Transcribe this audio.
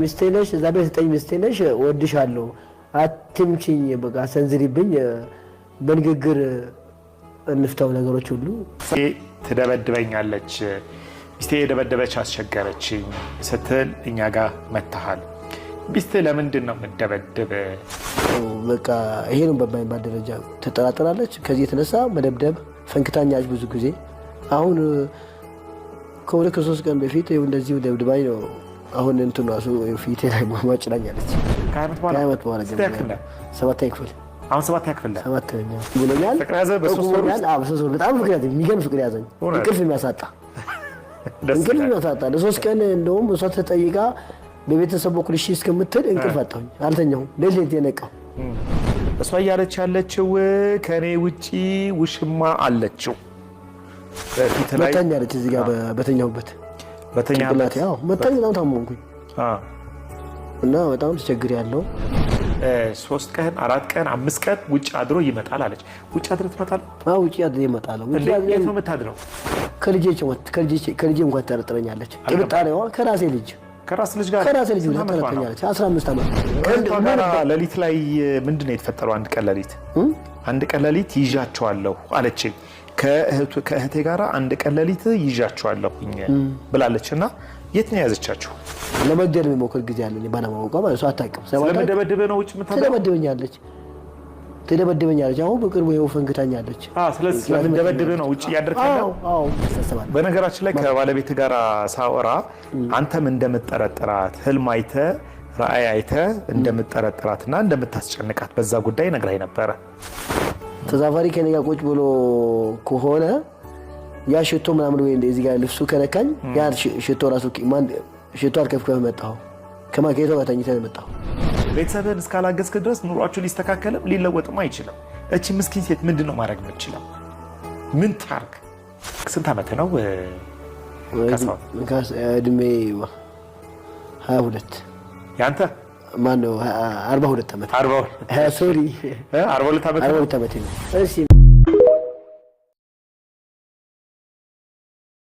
ሚስቴ ነሽ፣ እዛ ቤት ስጠኝ፣ ሚስቴ ነሽ፣ እወድሻለሁ፣ አትምችኝ፣ በቃ ሰንዝሪብኝ፣ በንግግር እንፍተው ነገሮች ሁሉ። ትደበድበኛለች፣ ሚስቴ የደበደበች አስቸገረችኝ ስትል እኛ ጋር መታሃል። ሚስቴ ለምንድን ነው የምደበድብ? በቃ ይሄ ነው በማይባል ደረጃ ትጠራጠራለች። ከዚህ የተነሳ መደብደብ ፈንክታኛች ብዙ ጊዜ አሁን ከሁለት ከሶስት ቀን በፊት እንደዚሁ ደብድባኝ ነው አሁን እንትን ራሱ ፊቴ ላይ ማማ ጭላኛለች። ከዓመት በኋላ ሰባተኛ ክፍል አሁን ሰባተኛ ክፍል ላይ ሰባተኛ ብሎኛል። በሶስት ወር በጣም ፍቅር ያዘኝ፣ የሚገርም ፍቅር ያዘኝ። እንቅልፍ የሚያሳጣ እንቅልፍ የሚያሳጣ ለሶስት ቀን እንደውም እሷ ተጠይቃ በቤተሰብ በኩል እሺ እስከምትል እንቅልፍ አጣሁኝ፣ አልተኛሁም። ሌሊት የነቃው እሷ እያለች ያለችው ከእኔ ውጪ ውሽማ አለችው። በፊት ላይ እዚህ ጋር በተኛሁበት በተኛበት መታኝ በጣም ታመምኩኝ እና በጣም ተቸግር ያለው ሶስት ቀን አራት ቀን አምስት ቀን ውጭ አድሮ ይመጣል አለች። ውጭ አድሮ ውጭ አድሮ ከልጄ እንኳን ትጠረጥረኛለች። ከራሴ ልጅ ልጅ ጋር ዓመት ሌሊት ላይ ምንድን ነው የተፈጠረው? አንድ ቀን ሌሊት አንድ ቀን ሌሊት ይዣቸዋለሁ አለችኝ ከእህቴ ጋር አንድ ቀን ሌሊት ይዣቸዋለሁኝ ብላለች እና የት ነው የያዘቻችሁ? ለመግደል የሚሞክር ጊዜ አለ። ባለማወቋ ማለት ሰው አታውቅም። ስለመደበደበ ነው ውጭ የምታደርገው። ትደበድበኛለች ትደበድበኛለች። አሁን በቅርቡ ይኸው ፈንክታኛለች። ስለመደበደበ ነው ውጭ እያደረግከው። በነገራችን ላይ ከባለቤት ጋር ሳወራ አንተም እንደምጠረጥራት ህልም አይተ ራእይ አይተ እንደምጠረጥራትና እንደምታስጨንቃት በዛ ጉዳይ ነግራኝ ነበረ። ተዛፋሪ ከኔ ጋር ቁጭ ብሎ ከሆነ ያ ሽቶ ምናምን ወይ እንደዚህ ጋር ልብሱ ከነካኝ ያ ሽቶ ራሱ ማን ሽቶ አርከፍከፍ መጣሁ ከማኬቶ ጋር ተኝተን መጣሁ። ቤተሰብህን እስካላገዝክ ድረስ ኑሯችሁ ሊስተካከልም ሊለወጥም አይችልም። እቺ ምስኪን ሴት ምንድን ነው ማድረግ የምችለው? ምን ታርግ? ስንት ዓመት ነው? እድሜ ሀያ ሁለት ያንተ ማነው? አርባ ሁለት ዓመት ሶሪ፣ አርባ ሁለት ዓመት ነው።